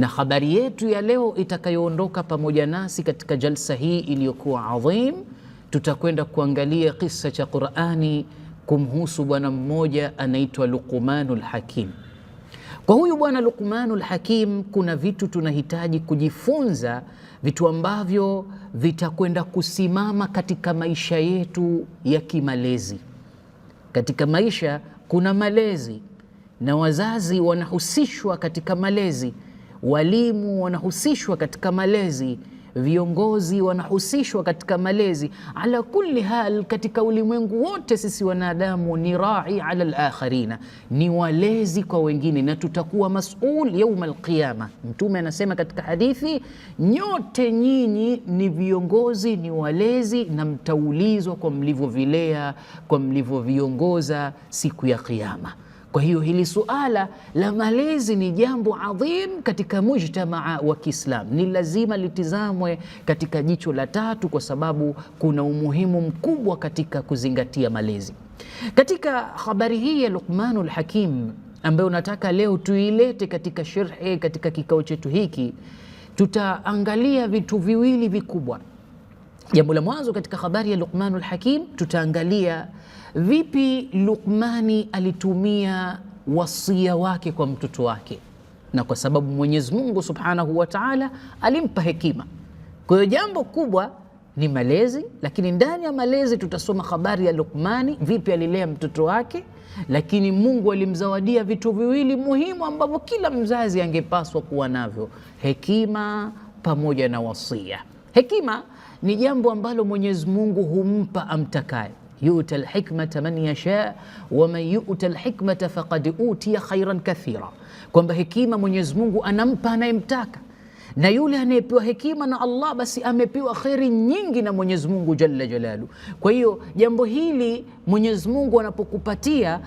Na habari yetu ya leo itakayoondoka pamoja nasi katika jalsa hii iliyokuwa adhim, tutakwenda kuangalia kisa cha Qur'ani kumhusu bwana mmoja anaitwa Luqmanu lhakim Kwa huyu bwana Luqmanu lhakim kuna vitu tunahitaji kujifunza, vitu ambavyo vitakwenda kusimama katika maisha yetu ya kimalezi. Katika maisha kuna malezi na wazazi wanahusishwa katika malezi walimu wanahusishwa katika malezi, viongozi wanahusishwa katika malezi. Ala kulli hal, katika ulimwengu wote sisi wanadamu ni rai ala lakharina, ni walezi kwa wengine, na tutakuwa masul yauma alqiama Mtume anasema katika hadithi, nyote nyinyi ni viongozi, ni walezi, na mtaulizwa kwa mlivyovilea, kwa mlivyoviongoza siku ya qiama kwa hiyo hili suala la malezi ni jambo adhim katika mujtamaa wa Kiislam, ni lazima litizamwe katika jicho la tatu, kwa sababu kuna umuhimu mkubwa katika kuzingatia malezi. Katika habari hii ya lukmanu lhakim ambayo nataka leo tuilete katika sherhe, katika kikao chetu hiki, tutaangalia vitu viwili vikubwa. Jambo la mwanzo katika habari ya luqmanu lhakim tutaangalia Vipi Luqmani alitumia wasia wake kwa mtoto wake, na kwa sababu Mwenyezi Mungu Subhanahu wa Ta'ala alimpa hekima. Kwa hiyo jambo kubwa ni malezi, lakini ndani ya malezi tutasoma habari ya Luqmani, vipi alilea mtoto wake. Lakini Mungu alimzawadia vitu viwili muhimu ambavyo kila mzazi angepaswa kuwa navyo, hekima pamoja na wasia. Hekima ni jambo ambalo Mwenyezi Mungu humpa amtakaye yuta الhikmata man yasha wa man yu'ta alhikmata faqad utiya khairan kathira, kwamba hekima Mwenyezi Mungu anampa anayemtaka na yule anayepewa hekima na Allah basi amepewa kheri nyingi na Mwenyezi Mungu jalla jalalu. Kwa hiyo jambo hili Mwenyezi Mungu anapokupatia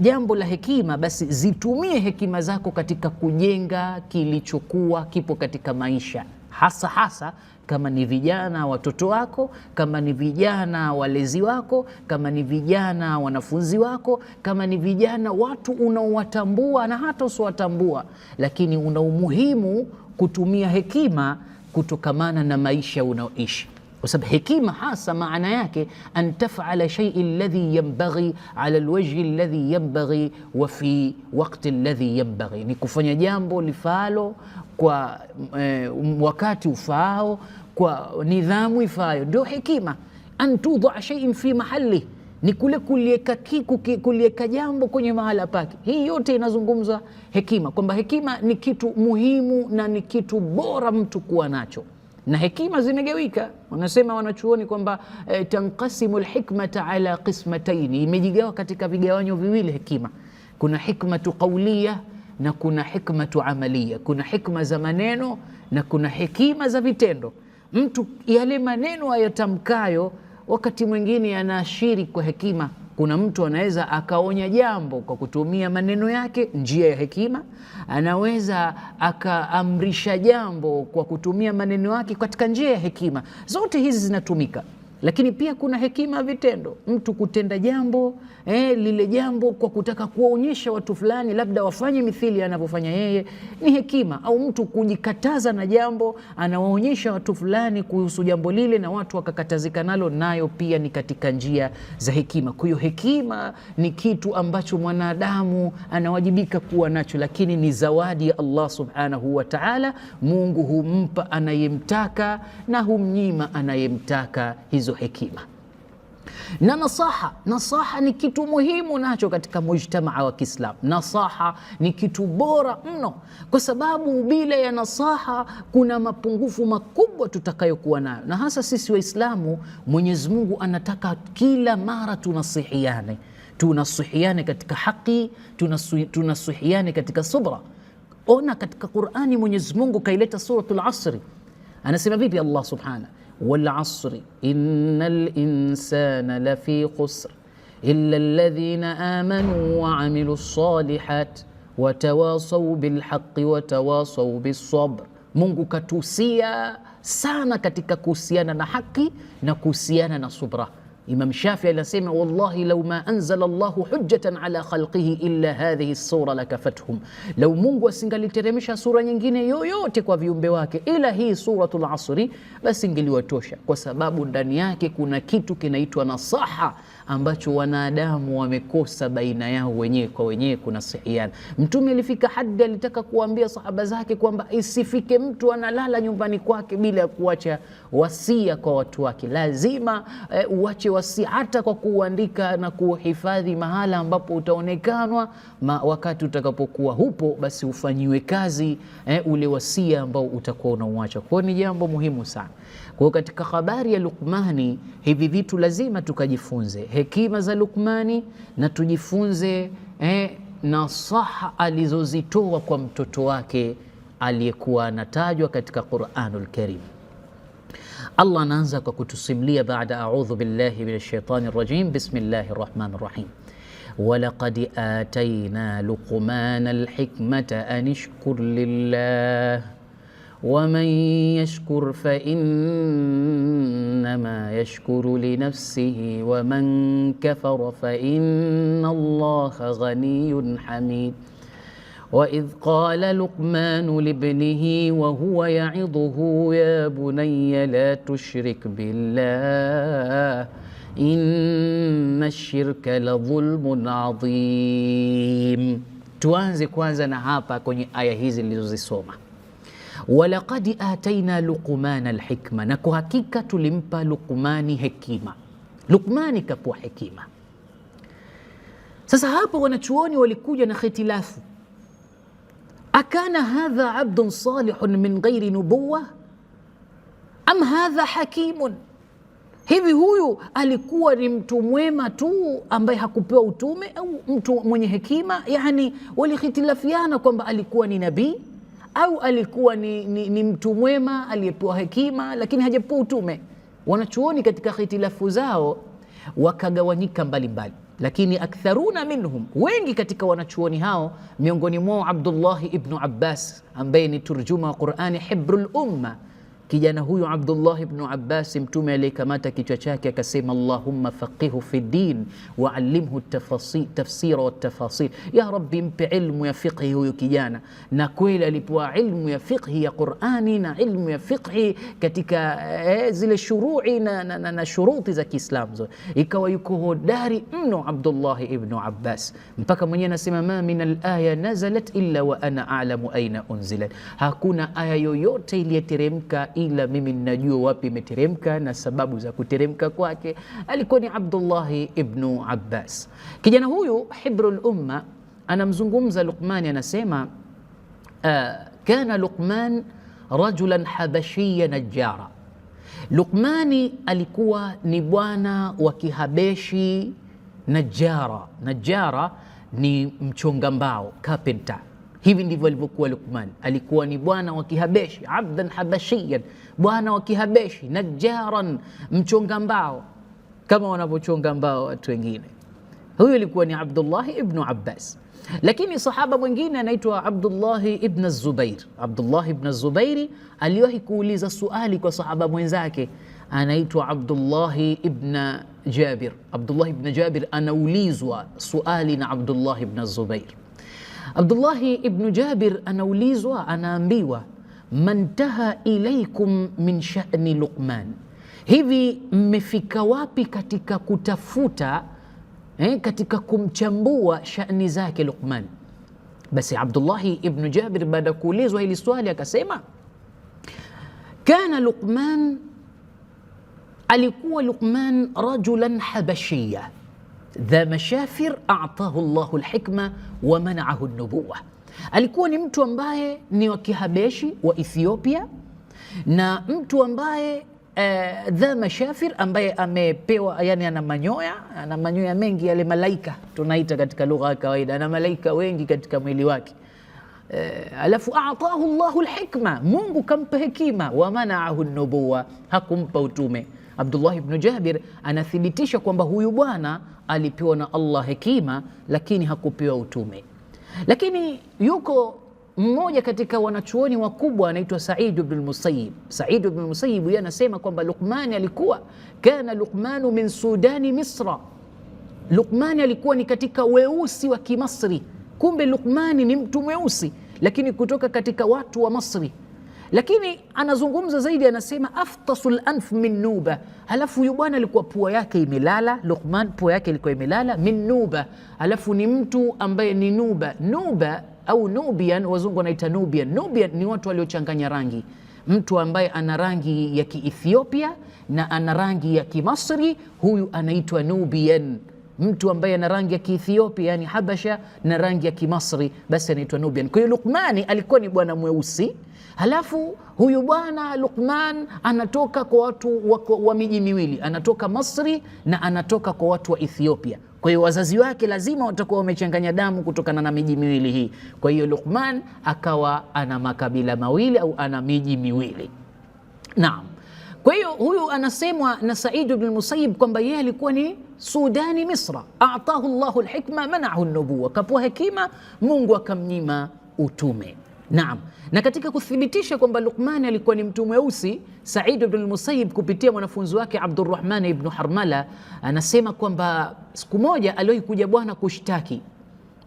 jambo la hekima, basi zitumie hekima zako katika kujenga kilichokuwa kipo katika maisha, hasa hasa kama ni vijana watoto wako, kama ni vijana walezi wako, kama ni vijana wanafunzi wako, kama ni vijana watu unaowatambua na hata usiowatambua, lakini una umuhimu kutumia hekima kutokamana na maisha unaoishi kwa sababu hekima hasa maana yake an tafala shaii ladhi yambaghi ala lwajhi ladhi yambaghi wa fi wakti ladhi yambaghi, ni kufanya jambo lifaalo kwa eh, wakati ufaao kwa nidhamu ifayo, ndio hekima. an tudhaa shaiin fi mahali ni kule kulieka, kulieka jambo kwenye mahala pake. Hii yote inazungumza hekima, kwamba hekima ni kitu muhimu na ni kitu bora mtu kuwa nacho, na hekima zimegawika. Wanasema wanachuoni kwamba e, eh, tankasimu lhikmata ala qismataini, imejigawa katika vigawanyo viwili hekima. Kuna hikmatu qaulia na kuna hikmatu amalia kuna hikma za maneno na kuna hekima za vitendo mtu yale maneno ayatamkayo wakati mwingine yanaashiri kwa hekima. Kuna mtu anaweza akaonya jambo kwa kutumia maneno yake, njia ya hekima. Anaweza akaamrisha jambo kwa kutumia maneno yake katika njia ya hekima. Zote hizi zinatumika. Lakini pia kuna hekima ya vitendo, mtu kutenda jambo eh, lile jambo kwa kutaka kuwaonyesha watu fulani labda wafanye mithili anavyofanya yeye, ni hekima. Au mtu kujikataza na jambo, anawaonyesha watu fulani kuhusu jambo lile na watu wakakatazika nalo, nayo pia ni katika njia za hekima. Kwa hiyo hekima ni kitu ambacho mwanadamu anawajibika kuwa nacho, lakini ni zawadi ya Allah subhanahu wa ta'ala. Mungu humpa anayemtaka na humnyima anayemtaka hizo hizo hekima na nasaha. Nasaha ni kitu muhimu nacho katika mujtamaa wa Kiislamu. Nasaha ni kitu bora mno, kwa sababu bila ya nasaha kuna mapungufu makubwa tutakayokuwa nayo, na hasa sisi Waislamu. Mwenyezi Mungu anataka kila mara tunasihiane, tunasihiane katika haki, tunasihiane katika subra. Ona katika Qur'ani Mwenyezi Mungu kaileta suratul Asri, anasema vipi Allah subhanahu والعصر إن الإنسان لفي خسر إلا الذين آمنوا وعملوا الصالحات وتواصوا بالحق وتواصوا بالصبر Mungu katuhusia sana katika kuhusiana na haki na kuhusiana na subra. Imam Shafi anasema wallahi, lau ma anzala Allahu hujjatan ala khalqihi illa hadhihi sura lakafathum, lau Mungu asingaliteremsha sura nyingine yoyote kwa viumbe wake ila hii suratul asri, basi ingeliwatosha, kwa sababu ndani yake kuna kitu kinaitwa nasaha ambacho wanadamu wamekosa baina yao wenyewe kwa wenyewe kunasihiana. Mtume alifika hadi alitaka kuambia sahaba zake kwamba isifike mtu analala nyumbani kwake bila ya kuacha wasia kwa watu wake, lazima eh, uache umepewa, si hata kwa kuuandika na kuhifadhi mahala ambapo utaonekanwa ma wakati utakapokuwa hupo, basi ufanyiwe kazi eh, ule wasia ambao utakuwa unauacha. Kwa ni jambo muhimu sana. Kwa katika habari ya lukmani hivi vitu lazima tukajifunze hekima za lukmani na tujifunze eh, nasaha alizozitoa kwa mtoto wake aliyekuwa anatajwa katika Qur'anul Karim. Allah anaanza kwa kutusimulia baada audhu billahi min shaitani rajim, bismillahi rahmani rahim walaqad ataina luqmana alhikmata an ishkur lillah waman yashkur fainnama yashkuru linafsihi waman kafara fainna allaha ghaniyun hamid وإذ قال لقمان لابنه وهو يعظه يا بني لا تشرك بالله إن الشرك لظلم adhim. Tuanze kwanza na hapa kwenye aya hizi nilizozisoma, walaqad ataina luqmana alhikma, na kwa hakika tulimpa Luqmani hekima. Luqmani kapewa hekima. Sasa hapo wanachuoni walikuja na hitilafu akana hadha abdun salihun min ghairi nubuwa am hadha hakimun, hivi huyu alikuwa ni mtu mwema tu ambaye hakupewa utume au mtu mwenye hekima? Yani walikhitilafiana kwamba alikuwa ni nabii au alikuwa ni, ni, ni mtu mwema aliyepewa hekima lakini hajapewa utume. Wanachuoni katika khitilafu zao wakagawanyika mbalimbali mbali lakini aktharuna minhum, wengi katika wanachuoni hao, miongoni mwao Abdullahi ibnu Abbas ambaye ni turjuma wa Qurani, hibrul umma kijana huyu Abdullah ibn Abbas, mtume aliyekamata kichwa chake akasema, Allahumma faqihu fi din wa allimhu tafsira watafasir, ya Rabbi, mpe ilmu ya fiqhi huyu kijana. Na kweli alipewa ilmu ya fiqhi ya Qurani na ilmu ya fiqhi katika eh, zile shurui na, na, na, na shuruti za Kiislamu zote, ikawa yuko hodari mno Abdullah ibn Abbas, mpaka mwenyewe anasema ma min alaya nazalat illa wa ana alamu aina unzilat, hakuna aya yoyote iliyeteremka ila mimi ninajua wapi imeteremka na sababu za kuteremka kwake. Alikuwa ni Abdullahi ibnu Abbas. Kijana huyu hibrul umma anamzungumza Luqmani, anasema ah, kana Luqman rajulan habashiya najjara, Luqmani alikuwa ni bwana wa Kihabeshi najjara. Najjara ni mchonga mbao, carpenter Hivi ndivyo alivyokuwa Luqman, alikuwa ni bwana wa Kihabeshi, abdan habashiyan, bwana wa Kihabeshi, najjaran, mchonga mbao kama wanavyochonga mbao watu wengine. Huyu alikuwa ni Abdullahi ibnu Abbas, lakini sahaba mwingine anaitwa Abdullahi ibn Zubair. Abdullahi ibn Zubairi aliwahi kuuliza suali kwa sahaba mwenzake anaitwa Abdullahi ibn Jabir. Abdullahi ibn Jabir anaulizwa suali na Abdullahi ibn Zubair عبد الله ابن جابر انا وليزوا أنا أنبيوا ما انتهى إليكم من شأن لقمان هذي مفيكا وابي كتك كتفوتا إيه، كتك كمشمبوا شأن زاك لقمان بس عبد الله ابن جابر بعد كوليزوا هاي السؤال كسيما كان لقمان alikuwa لقمان رجلا حبشيا dha mashafir atahu llahu lhikma wa manaahu nubuwa. Alikuwa ni mtu ambaye ni wa kihabeshi wa Ethiopia na mtu ambaye Uh, dha mashafir ambaye amepewa, yani ana manyoya, ana manyoya mengi, yale malaika tunaita katika lugha ya kawaida, ana malaika wengi katika mwili wake. Uh, alafu atahu llahu lhikma, Mungu kampa hekima, wamanaahu nubuwa, hakumpa utume. Abdullah ibn Jabir anathibitisha kwamba huyu bwana alipewa na Allah hekima, lakini hakupewa utume. Lakini yuko mmoja katika wanachuoni wakubwa anaitwa Said ibn al-Musayyib. Said ibn al-Musayyib anasema kwamba Luqman alikuwa kana Luqmanu min Sudani Misra, Luqmani alikuwa ni katika weusi wa Kimasri. Kumbe Luqmani ni mtu mweusi, lakini kutoka katika watu wa Masri lakini anazungumza zaidi, anasema aftasu lanf min nuba. Halafu huyu bwana alikuwa pua yake imelala, Luqman pua yake ilikuwa imelala, min nuba, alafu ni mtu ambaye ni nuba. Nuba au Nubian, wazungu wanaita Nubian. Nubian ni watu waliochanganya rangi mtu ambaye ana rangi ya Kiethiopia na ana rangi ya Kimasri, huyu anaitwa Nubian. Mtu ambaye ana rangi ya Kiethiopia yani Habasha na rangi ya Kimasri, basi anaitwa Nubian. Kwa hiyo Lukmani alikuwa ni bwana mweusi Halafu huyu bwana Luqman anatoka kwa watu wa, wa miji miwili, anatoka Masri na anatoka kwa watu wa Ethiopia. Kwa hiyo wazazi wake lazima watakuwa wamechanganya damu kutokana na miji miwili hii. Kwa hiyo Luqman akawa ana makabila mawili au ana miji miwili. Naam. Kwa hiyo huyu anasemwa na Said bin Musayyib kwamba yeye alikuwa ni Sudani Misra, atahu Allahu alhikma manaahu nubuwa, kapua hekima Mungu akamnyima utume. Naam. Na katika kuthibitisha kwamba Luqman alikuwa ni mtu mweusi, Said ibn al-Musayyib kupitia mwanafunzi wake Abdurrahman ibn Harmala anasema kwamba siku moja aliwahi kuja bwana kushtaki.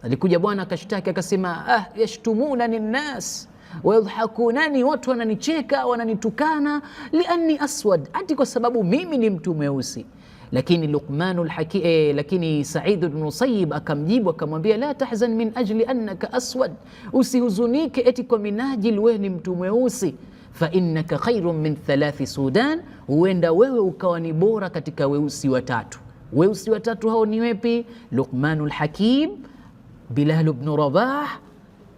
Alikuja bwana akashtaki akasema, ah ni nnas wayadhakunani, watu wananicheka wananitukana, lianni aswad, ati kwa sababu mimi ni mtu mweusi lakini Luqmanul Hakim eh, lakini Said bnu sayib akamjibu akamwambia, la tahzan min ajli annaka aswad, usihuzunike eti kwa minajili wewe ni mtu mweusi fa innaka khairun min thalathi Sudan, huenda wewe ukawa ni bora katika weusi watatu. Weusi watatu hao ni wepi? Luqmanul lhakim Bilal ibn Rabah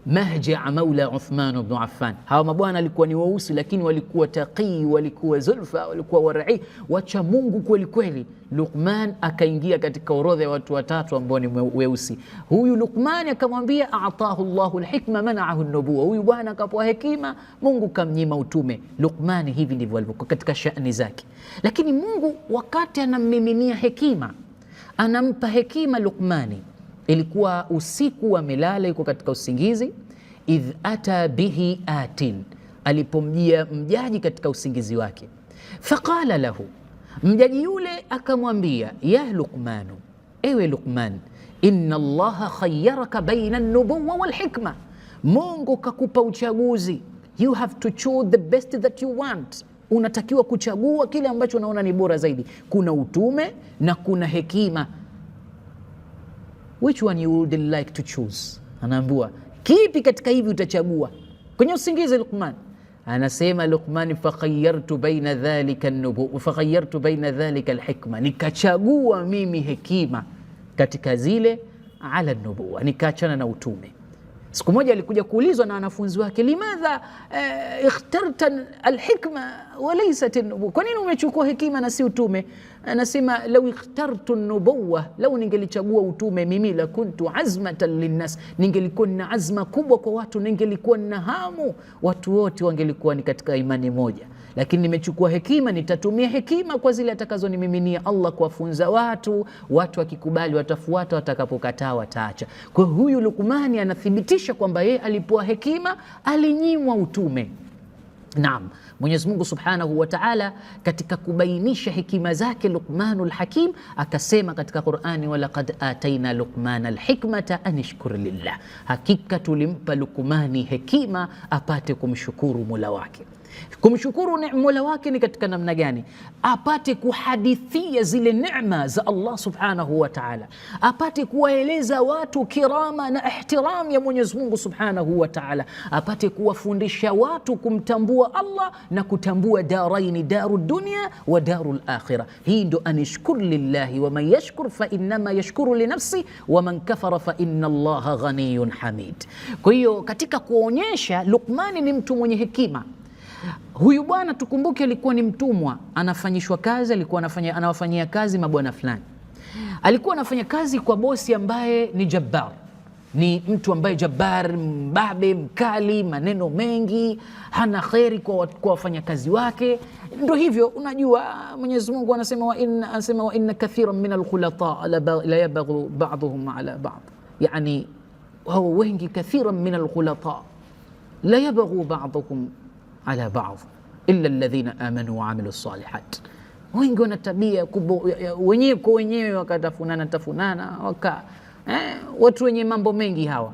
Mahjaa maula Uthman ibn Affan. Hawa mabwana walikuwa ni weusi, lakini walikuwa taqii, walikuwa zulfa, walikuwa warai, wacha Mungu kweli kweli. Luqman akaingia katika orodha ya watu watatu ambao ni weusi. Huyu Luqman akamwambia, atahu Allahu lhikma manaahu an-nubuwa, huyu bwana akapewa hekima, Mungu kamnyima utume. Luqman hivi ndivyo alivyokuwa katika shani zake, lakini Mungu wakati anammiminia hekima, anampa hekima Luqmani ilikuwa usiku amelala, yuko katika usingizi. idh ata bihi atin, alipomjia mjaji katika usingizi wake. Faqala lahu, mjaji yule akamwambia, ya Luqmanu, ewe Luqman, inna Allaha khayyaraka baina nubuwa walhikma, Mungu kakupa uchaguzi. You have to choose the best that you want unatakiwa kuchagua kile ambacho unaona ni bora zaidi. Kuna utume na kuna hekima which one you would like to choose, anaambiwa kipi katika hivi utachagua kwenye usingizi. Luqman anasema Luqman, fakhayartu baina dhalika nubu fakhayartu baina dhalika alhikma, nikachagua mimi hekima katika zile ala nubuwa, nikaachana na utume Siku moja alikuja kuulizwa na wanafunzi wake, limadha eh, ikhtarta alhikma walaisat walaysat, kwa nini umechukua hekima na si utume? Anasema, lau ikhtartu nubuwa, lau ningelichagua utume mimi, la kuntu azmatan linnas, ningelikuwa nina azma kubwa kwa watu, ningelikuwa nina hamu watu wote wangelikuwa ni katika imani moja lakini nimechukua hekima, nitatumia hekima kwa zile atakazonimiminia Allah kuwafunza watu. Watu wakikubali watafuata, watakapokataa wataacha. Kwa hiyo huyu Lukumani anathibitisha kwamba yeye alipoa hekima, alinyimwa utume. Naam, Mwenyezi Mungu Subhanahu wa Ta'ala katika kubainisha hekima zake Luqmanul Hakim akasema katika Qur'ani, walaqad ataina Luqmana alhikmata anishkur lillah, hakika tulimpa Luqmani hekima apate kumshukuru Mola wake. Kumshukuru mola wake ni katika namna gani? Apate kuhadithia zile neema za Allah subhanahu wa taala, apate kuwaeleza watu kirama na ihtiram ya Mwenyezi Mungu subhanahu wa taala, apate kuwafundisha watu kumtambua Allah na kutambua daraini, daru dunia wa daru lakhira. Hii ndo anishkur lillahi waman yashkur fainama yashkuru linafsi waman kafara faina llaha ghaniyun hamid. Kwa hiyo katika kuonyesha lukmani ni mtu mwenye hekima Huyu bwana tukumbuke, alikuwa ni mtumwa, anafanyishwa kazi, alikuwa anafanya, anawafanyia kazi mabwana fulani. Alikuwa anafanya kazi kwa bosi ambaye ni jabbar, ni mtu ambaye jabbar, mbabe, mkali, maneno mengi, hana kheri kwa, kwa wafanyakazi wake. Ndo hivyo unajua, Mwenyezi Mungu anasema wa inna, anasema wa inna kathiran min alkhulataa la yabghu ba'dhum ala ba'd, yani wao wengi, kathiran min alkhulataa la yabghu ba'dhum ala baadhi illa alladhina amanu wa amilu Wengi wana tabia wenyewe kwa wenyewe wakatafunana tafunana waka eh, watu wenye mambo mengi hawa.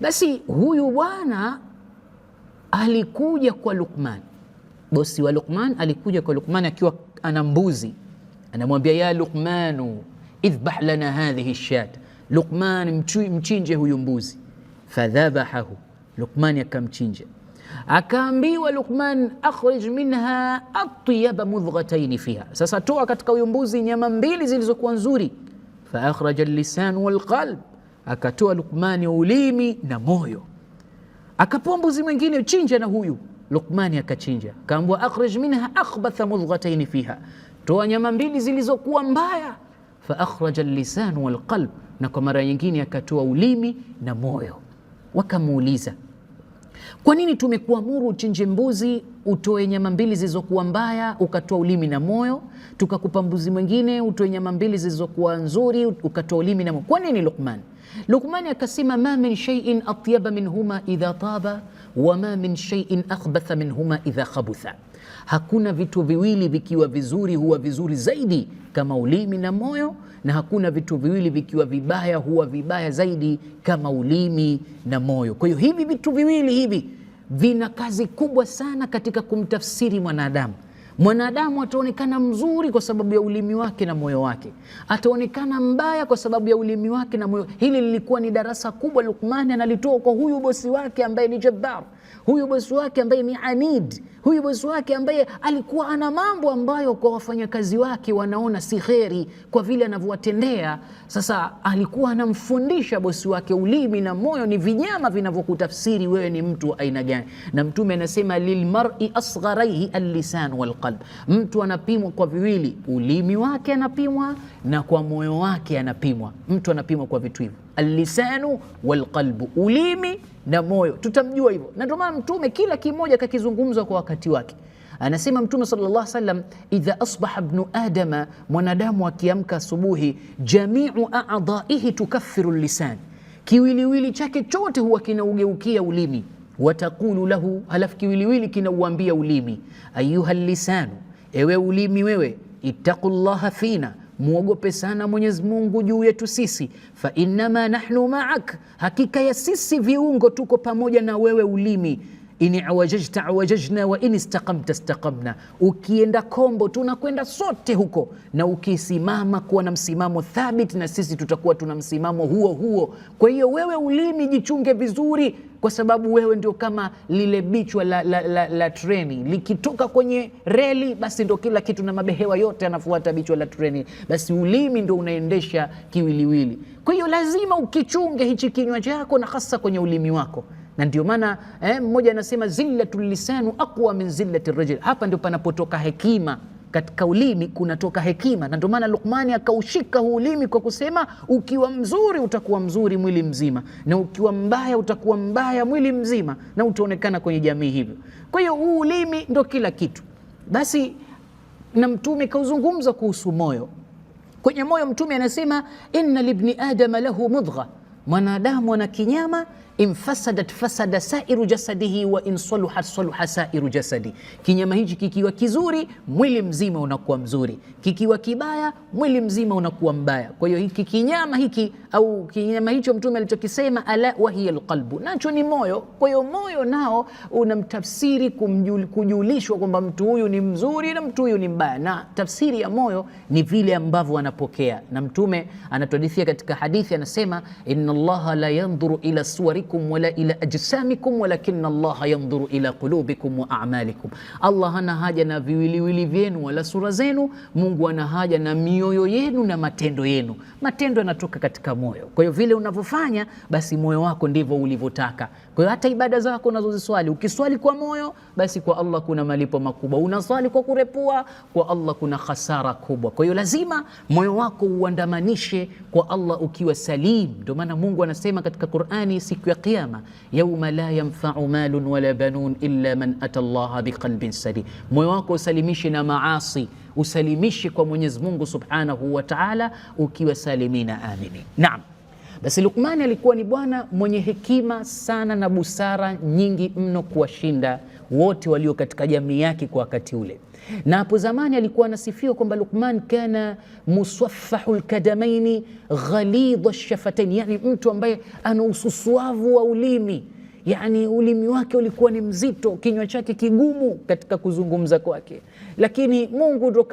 Basi huyu bwana alikuja kwa lukman bosi wa Luqman alikuja kwa Luqman akiwa ana mbuzi, anamwambia ya lukmanu idhbah lana hadhihi shat, Luqman mchinje huyu mbuzi. Fadhabahahu, Luqman akamchinja Akaambiwa Luqman, akhrij minha atyaba mudghataini fiha, sasa toa katika huyo mbuzi nyama mbili zilizokuwa nzuri. Fa akhraja lisan walqalb, akatoa Luqmani ulimi na moyo. Akapewa mbuzi mwingine, chinja na huyu. Luqmani akachinja, akaambiwa akhrij minha akhbatha mudghataini fiha, toa nyama mbili zilizokuwa mbaya. Fa akhraja lisan walqalb, na kwa mara nyingine akatoa ulimi na moyo. Wakamuuliza kwa nini tumekuamuru uchinje mbuzi utoe nyama mbili zilizokuwa mbaya ukatoa ulimi na moyo, tukakupa mbuzi mwingine utoe nyama mbili zilizokuwa nzuri ukatoa ulimi na moyo? Kwa nini Luqman? Luqman akasema ma min shay'in atyaba minhuma idha taba wa ma min shay'in akhbatha minhuma idha khabutha Hakuna vitu viwili vikiwa vizuri huwa vizuri zaidi kama ulimi na moyo, na hakuna vitu viwili vikiwa vibaya huwa vibaya zaidi kama ulimi na moyo. Kwa hiyo hivi vitu viwili hivi vina kazi kubwa sana katika kumtafsiri mwanadamu. Mwanadamu ataonekana mzuri kwa sababu ya ulimi wake na moyo wake, ataonekana mbaya kwa sababu ya ulimi wake na moyo. Hili lilikuwa ni darasa kubwa Lukmani analitoa kwa huyu bosi wake ambaye ni Jabbar huyu bosi wake ambaye ni anid, huyu bosi wake ambaye alikuwa ana mambo ambayo kwa wafanyakazi wake wanaona si kheri kwa vile anavyowatendea. Sasa alikuwa anamfundisha bosi wake ulimi na moyo ni vinyama vinavyokutafsiri wewe ni mtu wa aina gani. Na Mtume anasema lilmari asgharaihi allisan walqalb, mtu anapimwa kwa viwili, ulimi wake anapimwa na kwa moyo wake anapimwa. Mtu anapimwa kwa vitu hivyo allisanu walqalbu, ulimi na moyo. Tutamjua hivyo, na ndio maana Mtume kila kimoja kakizungumza kwa wakati wake. Anasema Mtume sallallahu alaihi wasallam, idha asbaha bnu adama, mwanadamu akiamka asubuhi, jamiu adaihi tukaffiru lisan, kiwiliwili chake chote huwa kinaugeukia ulimi. wataqulu lahu, halafu kiwiliwili kinauambia ulimi, ayuha lisanu, ewe ulimi wewe, ittaqullaha fina muogope sana Mwenyezi Mungu juu yetu sisi, fa innama nahnu maak, hakika ya sisi viungo tuko pamoja na wewe ulimi in awajajta awajajna wa in istaqamta istaqamna, ukienda kombo tunakwenda sote huko, na ukisimama kuwa na msimamo thabiti, na sisi tutakuwa tuna msimamo huo huo. Kwa hiyo wewe ulimi, jichunge vizuri kwa sababu wewe ndio kama lile bichwa la, la, la, la treni likitoka kwenye reli, basi ndio kila kitu na mabehewa yote yanafuata bichwa la treni, basi ulimi ndio unaendesha kiwiliwili. Kwa hiyo lazima ukichunge hichi kinywa chako na hasa kwenye ulimi wako na ndio maana eh, mmoja anasema zillatu lisanu aqwa min zillati rajul. Hapa ndio panapotoka hekima katika ulimi kunatoka hekima, na ndio maana Luqmani akaushika huu ulimi kwa kusema, ukiwa mzuri utakuwa mzuri mwili mzima, na ukiwa mbaya utakuwa mbaya mwili mzima, na utaonekana kwenye jamii hivyo. Kwa hiyo huu ulimi ndo kila kitu. Basi na Mtume kauzungumza kuhusu moyo. Kwenye moyo Mtume anasema, inna libni adama lahu mudgha, mwanadamu ana kinyama infasadat fasada sairu jasadihi wa insaluhat saluha sairu jasadi, kinyama hichi kikiwa kizuri mwili mzima unakuwa mzuri, kikiwa kibaya mwili mzima unakuwa mbaya. Kwa hiyo hiki kinyama hiki au kinyama hicho Mtume alichokisema ala wahiya alqalbu, nacho ni moyo. Kwa hiyo moyo nao unamtafsiri kujulishwa kwamba mtu huyu ni mzuri na mtu huyu ni mbaya, na tafsiri ya moyo ni vile ambavyo anapokea. Na Mtume anatuhadithia katika hadithi, anasema inna Allaha la yandhuru ila suwari amwalikum wala ila ajsamikum walakinna Allaha yanzuru ila qulubikum wa a'malikum. Allah hana haja na viwiliwili vyenu wala sura zenu. Mungu ana haja na mioyo yenu na matendo yenu. Matendo yanatoka katika moyo. Kwa hiyo vile unavyofanya, basi moyo wako ndivyo ulivyotaka. Kwa hiyo hata ibada zako unazoziswali, ukiswali kwa moyo, basi kwa Allah kuna malipo makubwa. Unaswali kwa kurepua, kwa Allah kuna hasara kubwa. Kwa hiyo lazima moyo wako uandamanishe kwa Allah ukiwa salim. Ndio maana Mungu anasema katika Qur'ani siku ya Kiyama, yauma la yanfau malun wala banun illa man ata llaha biqalbin salim. Moyo wako usalimishi na maasi, usalimishi kwa Mwenyezi Mungu subhanahu wa taala, ukiwa salimina amini. Naam, basi Luqmani alikuwa ni bwana mwenye hekima sana na busara nyingi mno kuwashinda wote walio katika jamii yake kwa wakati ule. Na hapo zamani alikuwa anasifiwa kwamba Luqman kana musaffahu lkadamaini ghalidha lshafataini, yani mtu ambaye ana ususuavu wa ulimi, yani ulimi wake ulikuwa ni mzito, kinywa chake kigumu katika kuzungumza kwake. Lakini Mungu ndo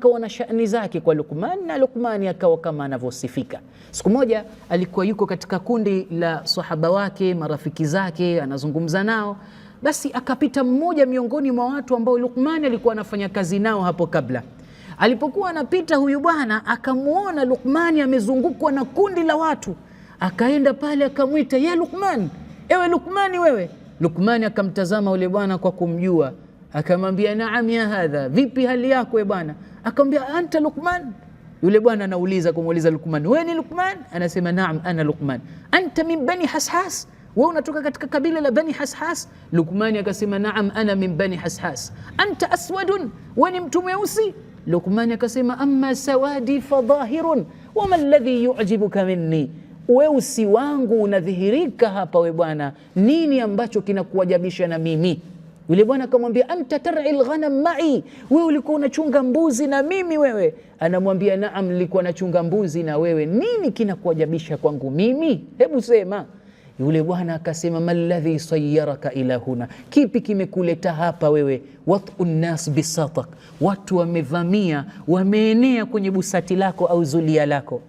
kawa na shani zake kwa Luqman, na Luqmani akawa kama anavyosifika. Siku moja alikuwa yuko katika kundi la sahaba wake, marafiki zake, anazungumza nao basi akapita mmoja miongoni mwa watu ambao Luqman alikuwa anafanya kazi nao hapo kabla. Alipokuwa anapita huyu bwana akamwona lukmani amezungukwa na kundi la watu, akaenda pale akamwita, ye Luqman, ewe lukmani wewe. lukmani akamtazama ule bwana kwa kumjua, akamwambia naam ya hadha, vipi hali yako e bwana? Akamwambia anta Luqman. Yule bwana anauliza kumuuliza Luqman, wewe ni Luqman? Anasema naam, ana Luqman. Anta min bani Hashas wewe unatoka katika kabila la Bani Hashas. Lukmani akasema naam, ana min Bani Hashas. Anta aswadun, we ni mtu mweusi. Lukmani akasema ama sawadi fadhahirun wama alladhi yujibuka minni, weusi wangu unadhihirika hapa. We bwana, nini ambacho kinakuajabisha na mimi? Yule bwana akamwambia anta tar'i alghanam ma'i, wewe ulikuwa unachunga mbuzi na mimi wewe. Anamwambia naam, nilikuwa nachunga mbuzi na wewe, nini kinakuajabisha kwangu mimi? Hebu sema. Yule bwana akasema, maladhi sayaraka ila huna, kipi kimekuleta hapa wewe? Watu nnas bisatak, watu wamevamia wameenea kwenye busati lako au zulia lako.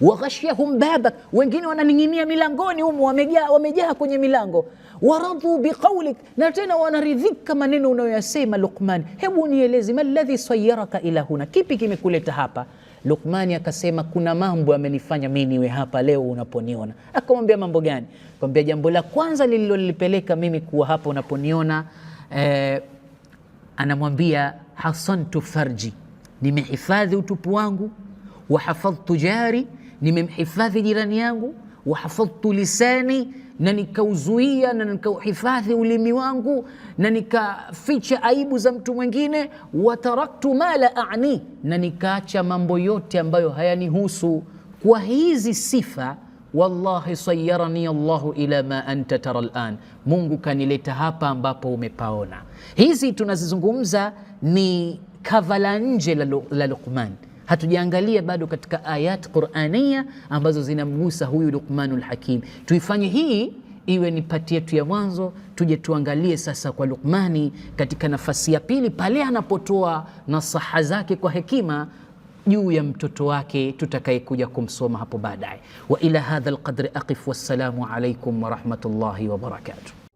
Waghashyahum babak, wengine wananing'inia milangoni humo, wamejaa wamejaa kwenye milango. Waradhu biqaulik, na tena wanaridhika maneno unayoyasema Luqman. Hebu nielezi maladhi sayaraka ila huna, kipi kimekuleta hapa? Lukmani akasema kuna mambo amenifanya mimi niwe hapa leo unaponiona. Akamwambia mambo gani? Akamwambia jambo la kwanza lililolipeleka mimi kuwa hapa unaponiona eh, anamwambia hasantu farji, nimehifadhi utupu wangu, wahafadhtu jari, nimemhifadhi jirani yangu, wahafadhtu lisani na nikauzuia na nikauhifadhi ulimi wangu na nikaficha aibu za mtu mwingine, wataraktu ma la ani, na nikaacha mambo yote ambayo hayanihusu. Kwa hizi sifa, wallahi sayarani Allahu ila ma anta tara lan, Mungu kanileta hapa ambapo umepaona. Hizi tunazizungumza ni kava la nje la Luqman hatujaangalia bado katika ayat Qur'ania ambazo zinamgusa huyu luqmanu lhakim Tuifanye hii iwe ni pati yetu ya mwanzo, tuje tuangalie sasa kwa Luqmani katika nafasi ya pili, pale anapotoa nasaha zake kwa hekima juu ya mtoto wake tutakayekuja kumsoma hapo baadaye. Wa ila hadha lqadri aqif, wassalamu alaikum warahmatullahi wabarakatuh.